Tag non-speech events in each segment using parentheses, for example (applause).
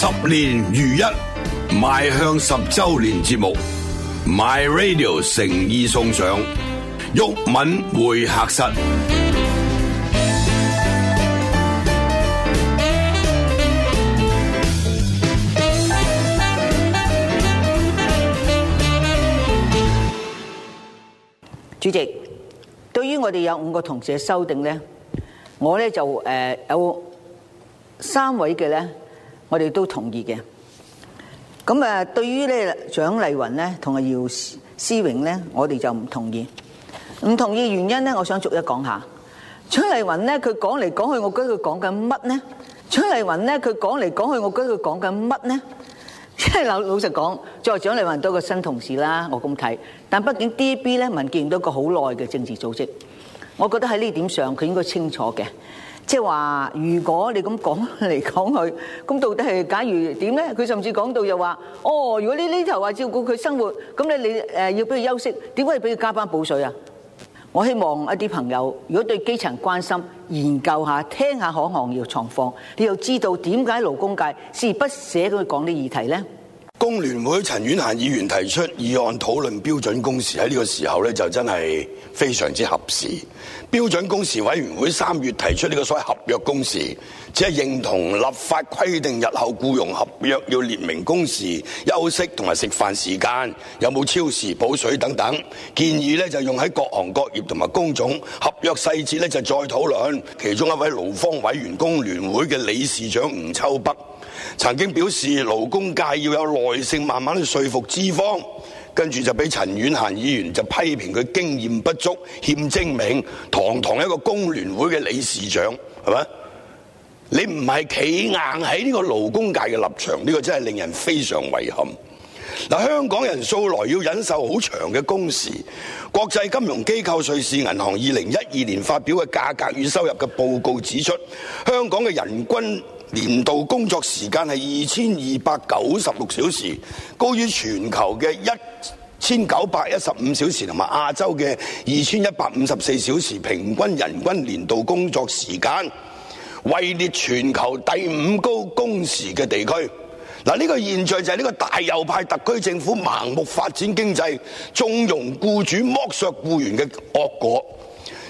十年如一，邁向十周年節目，My Radio 誠意送上。毓民會客室，主席，對於我哋有五個同事嘅修訂咧，我咧就誒有三位嘅咧。我哋都同意嘅，咁啊，對於咧蔣麗芸咧同阿姚思榮咧，我哋就唔同意。唔同意原因咧，我想逐一講下。蔣麗芸咧，佢講嚟講去，我覺得佢講緊乜咧？蔣麗芸咧，佢講嚟講去，我覺得佢講緊乜咧？即係老老實講，作為蔣麗芸都個新同事啦，我咁睇。但畢竟 DAB 咧，民建聯都個好耐嘅政治組織，我覺得喺呢點上佢應該清楚嘅。即係話，如果你咁講嚟講去，咁到底係假如點咧？佢甚至講到又話：哦，如果你呢頭話照顧佢生活，咁你你誒要俾佢休息，點可以俾佢加班補水啊？我希望一啲朋友，如果對基層關心、研究下、聽下可行嘅狀況，你又知道點解勞工界鍥而不捨咁去講呢議題咧？工聯會陳婉嫻議員提出議案討論標準工時，喺呢個時候呢，就真係非常之合適。標準工時委員會三月提出呢個所謂合約工時，只係認同立法規定日後僱傭合約要列明工時、休息同埋食飯時間，有冇超時補水等等。建議呢就用喺各行各業同埋工種合約細節呢就再討論。其中一位勞方委員工聯會嘅理事長吳秋北曾經表示，勞工界要有內耐性慢慢去說服資方，跟住就俾陳婉嫻議員就批評佢經驗不足、欠精明。堂堂一個工聯會嘅理事長，係咪？你唔係企硬喺呢個勞工界嘅立場，呢、這個真係令人非常遺憾。嗱，香港人素來要忍受好長嘅工時。國際金融機構瑞士銀行二零一二年發表嘅價格與收入嘅報告指出，香港嘅人均年度工作時間係二千二百九十六小時，高於全球嘅一千九百一十五小時，同埋亞洲嘅二千一百五十四小時平均人均年度工作時間，位列全球第五高工時嘅地區。嗱，呢個現象就係呢個大右派特區政府盲目發展經濟，縱容僱主剝削僱員嘅惡果。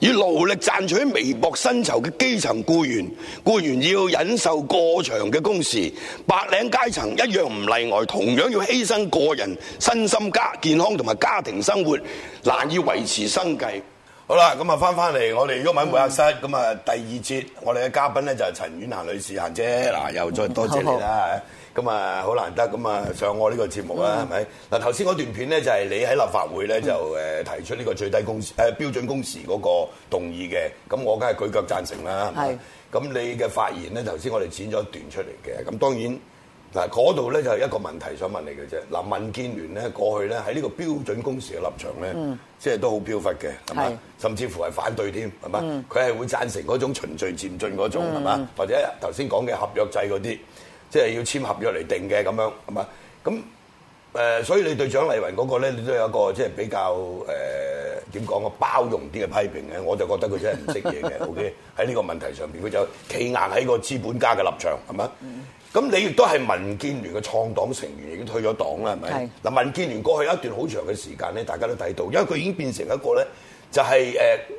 要勞力賺取微薄薪酬嘅基層雇員，雇員要忍受過長嘅工時，白領階層一樣唔例外，同樣要犧牲個人身心家、家健康同埋家庭生活，難以維持生計。好啦，咁啊翻返嚟我哋嘅毓民會客室，咁啊、嗯、第二節我哋嘅嘉賓咧就係陳婉嫻女士，嫻姐，嗱又再多謝你啦。好好咁啊，好難得咁啊，上我呢個節目啦，係咪、嗯？嗱吧，頭先嗰段片咧，就係、是、你喺立法會咧、嗯、就誒、呃、提出呢個最低工時誒、呃、標準工時嗰個動議嘅，咁我梗係舉腳贊成啦。係，咁是你嘅發言咧，頭先我哋剪咗一段出嚟嘅，咁當然嗱嗰度咧就係、是、一個問題想問你嘅啫。嗱、呃，民建聯咧過去咧喺呢個標準工時嘅立場咧，嗯、即係都好飄忽嘅，係嘛，是甚至乎係反對添，係嘛，佢係、嗯、會贊成嗰種循序漸進嗰種，係嘛、嗯，或者頭先講嘅合約制嗰啲。即係要簽合約嚟定嘅咁樣，係嘛？咁誒、呃，所以你對蔣麗雲嗰個咧，你都有一個即係比較誒點講個包容啲嘅批評咧，我就覺得佢真係唔識嘢嘅。 (laughs) OK，喺呢個問題上邊，佢就企硬喺個資本家嘅立場，係嘛？咁、嗯、你亦都係民建聯嘅創黨成員，已經退咗黨啦，係咪？嗱，是 民建聯過去一段好長嘅時間咧，大家都睇到，因為佢已經變成一個咧、就是，就係誒，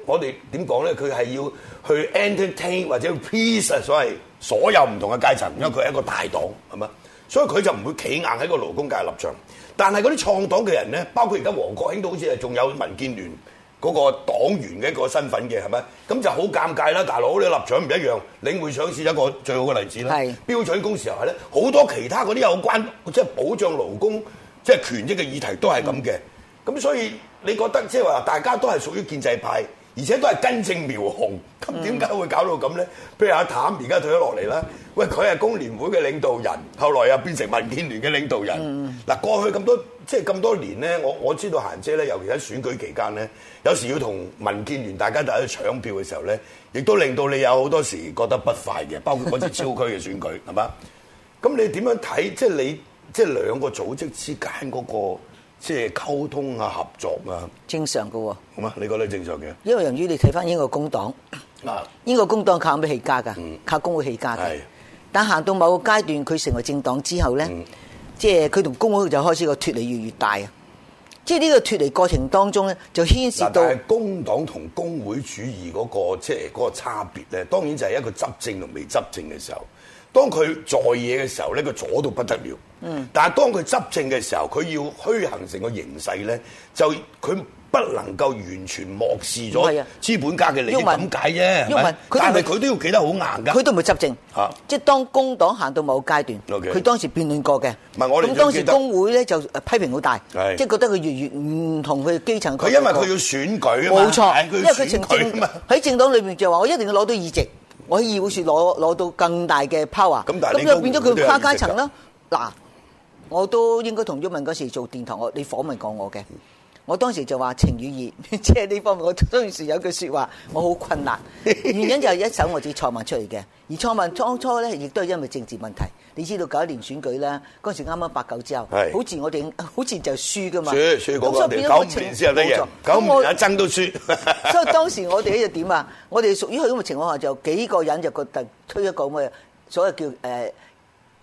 我哋點講咧？佢係要去 entertain 或者 peace 所謂。所有唔同嘅階層，因為佢係一個大黨，係咪？所以佢就唔會企硬喺個勞工界立場。但係嗰啲創黨嘅人咧，包括而家王國興都好似係仲有民建聯嗰個黨員嘅一個身份嘅，係咪？咁就好尷尬啦！大佬，你的立場唔一樣，領會上次一個最好嘅例子啦。係是 標準工時係咧，好多其他嗰啲有關即係保障勞工即係權益嘅議題都係咁嘅。咁是的 所以你覺得即係話大家都係屬於建制派？而且都係根正苗紅，咁點解會搞到咁咧？嗯、譬如阿譚而家退咗落嚟啦，喂，佢係工聯會嘅領導人，後來又變成民建聯嘅領導人。嗱、嗯、過去咁多即係咁多年咧，我我知道嫻姐咧，尤其喺選舉期間咧，有時要同民建聯大家大家搶票嘅時候咧，亦都令到你有好多時覺得不快嘅，包括嗰次超區嘅選舉係嘛？咁 (laughs) 你點樣睇？即係你即係兩個組織之間嗰個。即係溝通啊，合作啊，正常㗎喎。咁你覺得正常嘅？因為由於你睇翻英國工黨，嗱，英國工黨靠咩起家㗎？靠工會起家嘅。但行到某個階段，佢成為政黨之後咧，即係佢同工會就開始個脫離越來越大啊！即係呢個脫離過程當中咧，就牽涉到係工黨同工會主義嗰個即係嗰個差別咧。當然就係一個執政同未執政嘅時候。當佢在野嘅時候咧，佢阻到不得了。嗯。但係當佢執政嘅時候，佢要虛行成個形勢咧，就佢不能夠完全漠視咗資本家嘅利益咁解啫。因為佢都係，佢都要企得好硬㗎。佢都唔會執政嚇，即係當工黨行到某階段，佢當時辯論過嘅。唔係我哋。咁當時工會咧就批評好大，即係覺得佢越越唔同佢基層。佢因為佢要選舉，冇錯，因為佢從政喺政黨裏面就話：我一定要攞到議席。我喺議會攞攞到更大嘅 power，咁大咁就變咗佢跨階層啦。嗱，我都應該同毓民嗰時做電台，我你訪問過我嘅。我當時就話情與義，即係呢方面。我當時有句説話，我好困難。原因就係一手。我自己創辦出嚟嘅，而創辦當初咧，亦都係因為政治問題。你知道九一年選舉啦，嗰時啱啱八九之後，是好似我哋好似就輸噶嘛。輸輸嗰個九五年先有啲人，九五年爭都輸。我啊、所以當時我哋咧就點啊？ (laughs) 我哋屬於喺咁嘅情況下，就幾個人就決得推一個咁嘅，所謂叫誒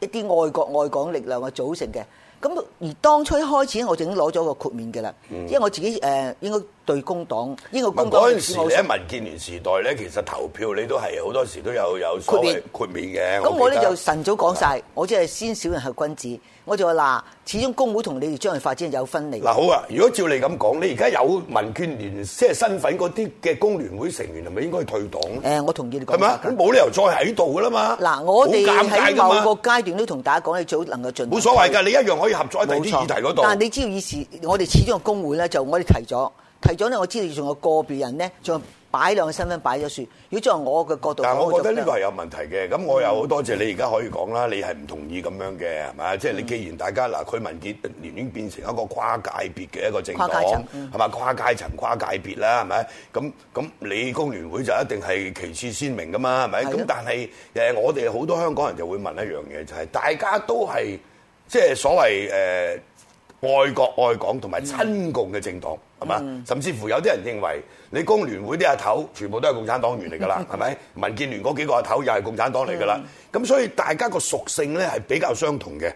一啲愛國愛港力量嘅組成嘅。咁而當初一開始，我就已經攞咗個豁免嘅啦，因為我自己誒、呃、應該。對工黨，呢個工黨嘅嗰陣時咧，民建聯時代咧，其實投票你都係好多時都有有豁免豁免嘅。咁我咧就晨早講晒，的我即係先小人後君子，我就話嗱，始終工會同你哋將來發展有分離。嗱好啊，如果照你咁講，你而家有民建聯即係身份嗰啲嘅工聯會成員，係咪應該退黨？誒、呃，我同意你講吧。係嘛？咁冇理由再喺度噶啦嘛。嗱，我哋喺某個階段都同大家講，你最好能夠進。冇所謂㗎，你一樣可以合作喺頭啲議題嗰度。但係你知道以時，我哋始終工會咧，就我哋提咗。提早咧，我知道仲有個別人咧，仲擺兩個身份擺咗出。如果從我嘅角度，但，我覺得呢個係有問題嘅。咁、嗯、我又好多謝你，而家可以講啦。你係唔同意咁樣嘅，係咪啊？即、就、係、是、你既然大家嗱，佢民建聯已經變成一個跨界別嘅一個政黨，係咪跨、嗯、跨界層、跨界別啦？係咪？咁咁，你工聯會就一定係旗幟鮮明噶嘛？係咪？咁的但係誒，我哋好多香港人就會問一樣嘢，就係、是、大家都係即係所謂誒、呃、愛國愛港同埋親共嘅政黨。嗯係嘛？甚至乎有啲人認為，你工聯會啲阿頭全部都係共產黨員嚟㗎啦，係咪？ (laughs) 民建聯嗰幾個阿頭又係共產黨嚟㗎啦。咁是的 所以大家個屬性咧係比較相同嘅。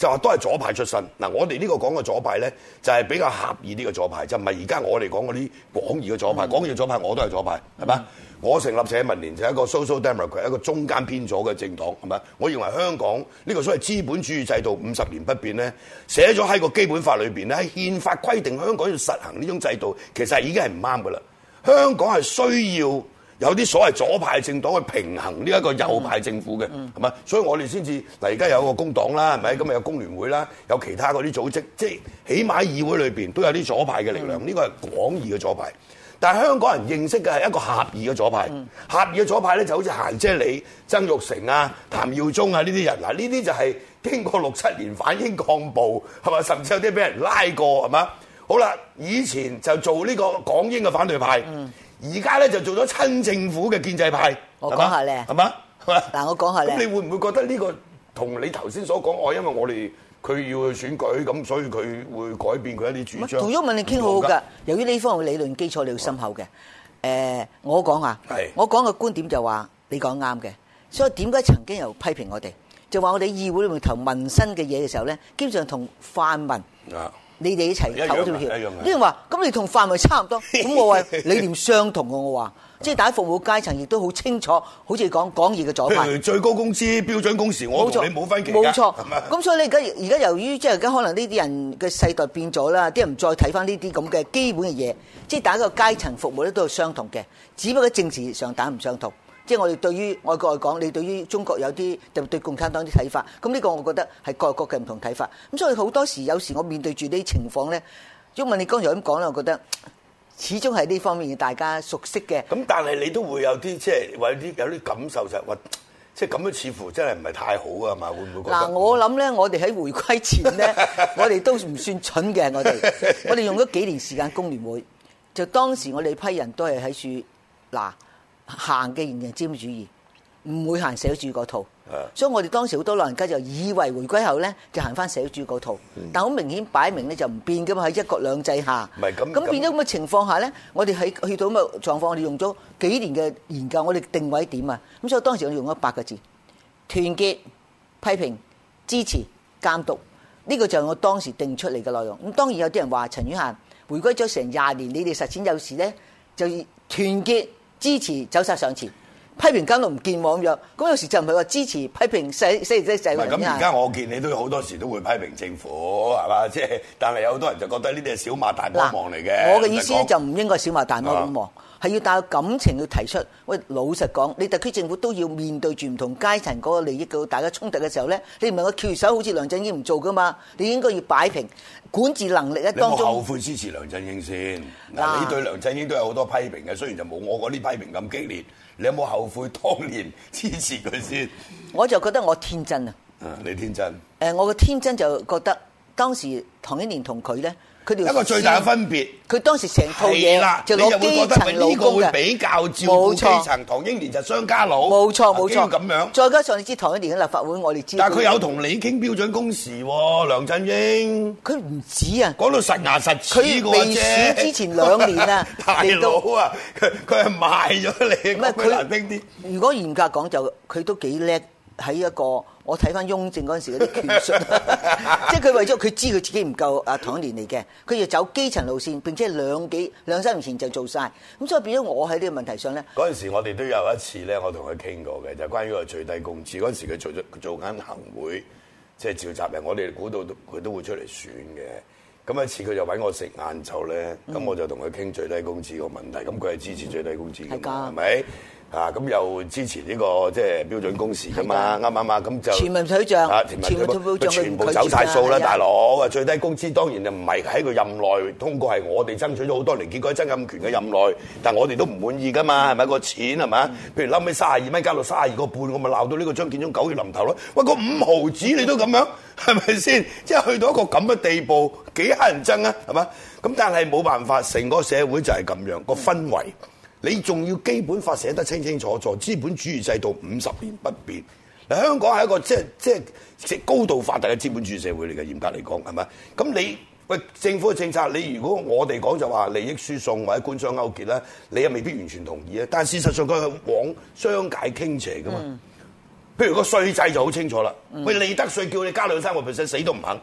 就話都係左派出身嗱，我哋呢個講嘅左派呢，就係比較狹義呢個左派，就唔係而家我哋講嗰啲廣義嘅左派。廣義左派我都係左派，係咪？嗯、我成立社民聯就係、係、一個 social democrat 一個中間偏左嘅政黨，係咪？我認為香港呢、呢個所謂資本主義制度五十年不變呢，寫咗喺個基本法裏面，呢喺憲法規定香港要實行呢種制度，其實已經係唔啱噶啦。香港係需要，有啲所謂左派政黨去平衡呢一個右派政府嘅，係咪、嗯？所以我哋先至嗱，而家有個工黨啦，係咪？咁日有工聯會啦，有其他嗰啲組織，即係起碼議會裏面都有啲左派嘅力量，呢、嗯、個係廣義嘅左派。但係香港人認識嘅係一個狹義嘅左派，嗯、狹義嘅左派咧就好似嫻姐你、曾玉成啊、譚耀宗啊呢啲人嗱，呢啲就係經過六七年反英抗暴係咪？甚至有啲俾人拉過係咪啊？好啦，以前就做呢個港英嘅反對派。嗯而家咧就做咗親政府嘅建制派，我講下咧，係嘛，係嘛。嗱，我講下咧，咁你會唔會覺得呢個同你頭先所講，我因為我哋佢要去選舉，咁所以佢會改變佢一啲主張。同英文你傾好㗎，由於呢方面理論基礎你要深厚嘅。誒，我講下，我講嘅觀點就話你講啱嘅，所以點解曾經又批評我哋，就話我哋議會裏面投民生嘅嘢嘅時候咧，經常同泛民。你哋一齊投嗰條票，啲人話：，咁你同範圍差唔多，咁我話理念相同嘅，我話，即係大家服務階層亦都好清楚，好似講講，講義嘅左派。譬如最高工資標準工時，我你冇分歧。冇錯，咁所以你而家而家由於即係而家可能呢啲人嘅世代變咗啦，啲人唔再睇翻呢啲咁嘅基本嘅嘢，即係打個階層服務咧都係相同嘅，只不過政治上打唔相同。即係我哋對於外國嚟講，你對於中國有啲對共產黨啲睇法，咁呢個我覺得係各國嘅唔同睇法。咁所以好多時有時我面對住呢啲情況咧，因為你剛才咁講咧，我覺得始終係呢方面大家熟悉嘅。咁但係你都會有啲即係有啲有啲感受，就係話，即係咁樣似乎真係唔係太好啊嘛？會唔會覺得？嗱，我諗咧，我哋喺回歸前咧， (laughs) 我哋都唔算蠢嘅，我哋我哋用咗幾年時間工聯會，就當時我哋批人都係喺處嗱。行嘅仍然係資本主義，唔會行社會主義嗰套。是的 所以，我哋當時好多老人家就以為回歸後咧，就行翻社會主義套。嗯、但好明顯擺明咧就唔變噶嘛，喺一國兩制下。唔係咁。咁變咗咁嘅情況下咧，我哋喺去到咁嘅狀況，我哋用咗幾年嘅研究，我哋定位點啊？咁所以當時我哋用咗八個字：團結、批評、支持、監督。呢、呢個就係我當時定出嚟嘅內容。咁當然有啲人話陳婉嫻回歸咗成廿年，你哋實踐有時咧就團結。支持走曬上前，批評監督唔見喎。咁咁有時就唔係話支持批評，四四二七。就咁而家我見你都好多時都會批評政府，係嘛？即係，但係有好多人就覺得呢啲係小馬大魔王嚟嘅。我嘅意思呢就唔應該小馬大魔王。係要帶有感情去提出，喂，老實講，你特區政府都要面對住唔同階層嗰個利益嘅大家衝突嘅時候咧，你唔係個翹手，好似梁振英唔做噶嘛，你應該要擺平管治能力咧。當中你有冇後悔支持梁振英先？嗱、啊，你對梁振英都有好多批評嘅，雖然就冇我嗰啲批評咁激烈，你有冇後悔當年支持佢先？我就覺得我天真啊！啊，你天真？誒，我嘅天真就覺得當時唐英年同佢咧。佢哋一個最大嘅分別，佢當時成套嘢，你就會覺得係呢個會比較照顧基層。唐英年就商家佬，冇錯冇錯咁樣。再加上你知唐英年喺立法會，我哋知。但係佢有同你傾標準工時喎，梁振英。佢唔止啊，講到實牙實齒嗰啫。未署之前兩年啊，大佬啊，佢佢係賣咗你。唔係佢難聽啲。如果嚴格講，就佢都幾叻。喺一個我睇翻雍正嗰陣時嗰啲權術， (laughs) 即係佢為咗佢知佢自己唔夠阿唐英年嚟嘅，佢要走基層路線，並且兩幾兩三年前就做晒。咁所以變咗我喺呢個問題上咧。嗰陣時我哋都有一次咧，我同佢傾過嘅就係、是、關於個最低工資。嗰陣時佢做咗做緊行會，即係召集人，我哋估到佢都會出嚟選嘅。咁一次佢就揾我食晏晝咧，咁我就同佢傾最低工資個問題，咁佢係支持最低工資㗎，係咪、嗯？啊，咁又支持呢個即係標準工時噶嘛？啱啱啊？咁就全民取仗，全全部走曬數啦，大佬！最低工資當然就唔係喺佢任內通過，係我哋爭取咗好多年，結果曾蔭權嘅任內，但我哋都唔滿意噶嘛，係咪個錢？係咪？譬如諗起三十二蚊加到三十二個半，我咪鬧到呢個張建宗狗血淋頭咯！喂，個五毫子你都咁樣，係咪先？即係去到一個咁嘅地步，幾乞人憎啊？係嘛？咁但係冇辦法，成個社會就係咁樣，個氛圍。你仲要基本法寫得清清楚楚，資本主義制度五十年不變。嗱，香港係一個即係即係高度發達嘅資本主義社會嚟嘅，嚴格嚟講，係咪？咁你喂政府嘅政策，你如果我哋講就話利益輸送或者官商勾結咧，你又未必完全同意啊。但係事實上佢係往商界傾斜噶嘛。嗯、譬如個稅制就好清楚啦，喂，嗯、利得稅叫你加兩三個 percent，死都唔肯。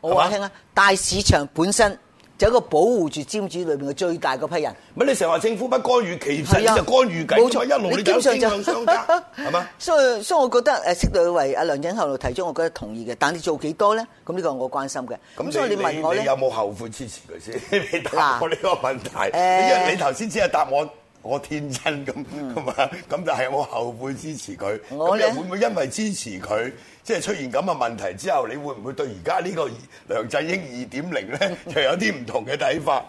我話你聽啊，吧大市場本身。就一個保護住尖子裏邊嘅最大嗰批人。唔係你成日話政府不干預其事，其實的你就干預緊。冇錯，一路你搞偏向商 (laughs) 家嗎，係嘛？所所以，所以我覺得誒適量為阿梁振英提出我覺得同意嘅。但你做幾多咧？咁呢個我關心嘅。咁你所以你問我咧，你有冇後悔支持佢先？ (laughs) 你答我呢個問題，喇你你頭先只係答案。我天真咁，咁啊，咁就係我後悔支持佢。我呢又會唔會因為支持佢，即係出現咁嘅問題之後，你會唔會對而家呢個梁振英二點零咧，就有啲唔同嘅睇法？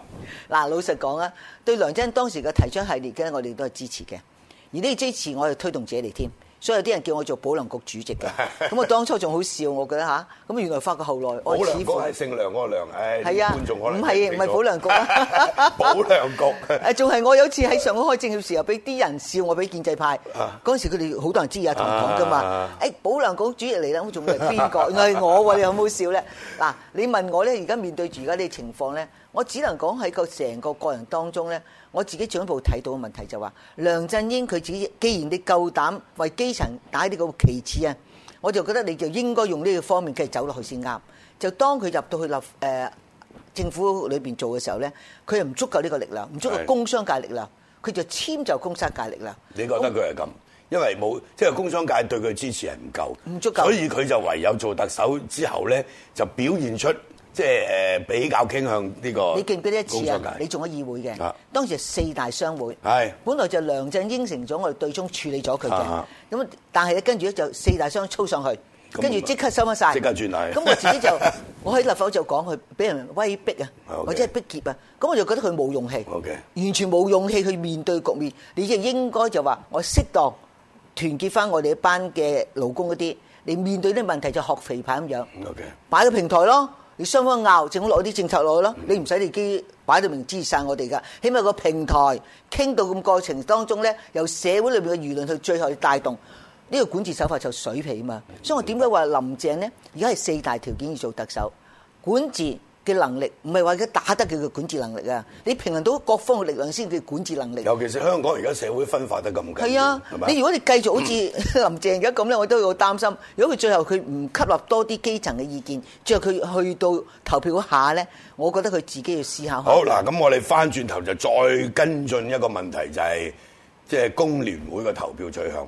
嗱， (laughs) 老實講啊，對梁振英當時嘅提倡系列嘅，我哋都係支持嘅，而呢支持我就推動者嚟添。所以有啲人叫我做保良局主席嘅，咁我當初仲好笑，我覺得吓，咁啊原來發覺後來我始終都係姓梁嗰個梁，係係呀，唔係唔係保良局，保良局。誒，仲係我有次喺上海開政協時候，俾啲人笑我，俾建制派嗰陣時，佢哋好多人知阿嫻㗎嘛，誒，保良局主席嚟啦，我仲係邊個？係我喎，你有冇笑咧？嗱，你問我咧，而家面對住而家呢啲情況咧，我只能講喺個成個過程當中咧。我自己進一步睇到嘅問題就話、是，梁振英佢自己既然你夠膽為基層打呢個旗幟啊，我就覺得你就應該用呢個方面嘅走落去先啱。就當佢入到去立、呃、政府裏面做嘅時候咧，佢又唔足夠呢個力量，唔足夠工商界力量，佢就遷就工商界力量。你覺得佢係咁？我因為冇即係工商界對佢支持係唔夠，唔足夠，所以佢就唯有做特首之後咧，就表現出。即係誒比較傾向呢個，你記唔記得一次啊？你做咗議會嘅，當時係四大商會係本來就梁振英應承咗我哋對沖處理咗佢嘅。咁但係咧，跟住咧就四大商操上去，跟住即刻收翻曬，即刻轉底。咁我自己就我喺立法會就講佢俾人威逼啊，或者係逼劫啊。咁我就覺得佢冇勇氣，完全冇勇氣去面對局面。你應應該就話我適當團結翻我哋一班嘅勞工嗰啲，你面對呢個問題就學肥彭咁樣，擺個平台咯。你雙方拗，正好落啲政策落去咯，你唔使自己擺到明支持晒我哋㗎。起碼個平台傾到咁過程當中咧，由社會裏邊嘅輿論去最後去帶動，呢個管治手法就是水皮嘛，所以我點解話林鄭咧而家係四大條件要做特首管治嘅能力唔係話佢打得佢嘅管治能力啊，你平衡到各方嘅力量先叫管治能力。尤其是香港而家社會分化得咁緊，係啊，係咪你如果你繼續好似林鄭而家咁咧，嗯、我都有擔心。如果佢最後佢唔吸納多啲基層嘅意見，最後佢去到投票下咧，我覺得佢自己要思考。好嗱，咁我哋翻轉頭就再跟進一個問題，就係即係工聯會嘅投票取向。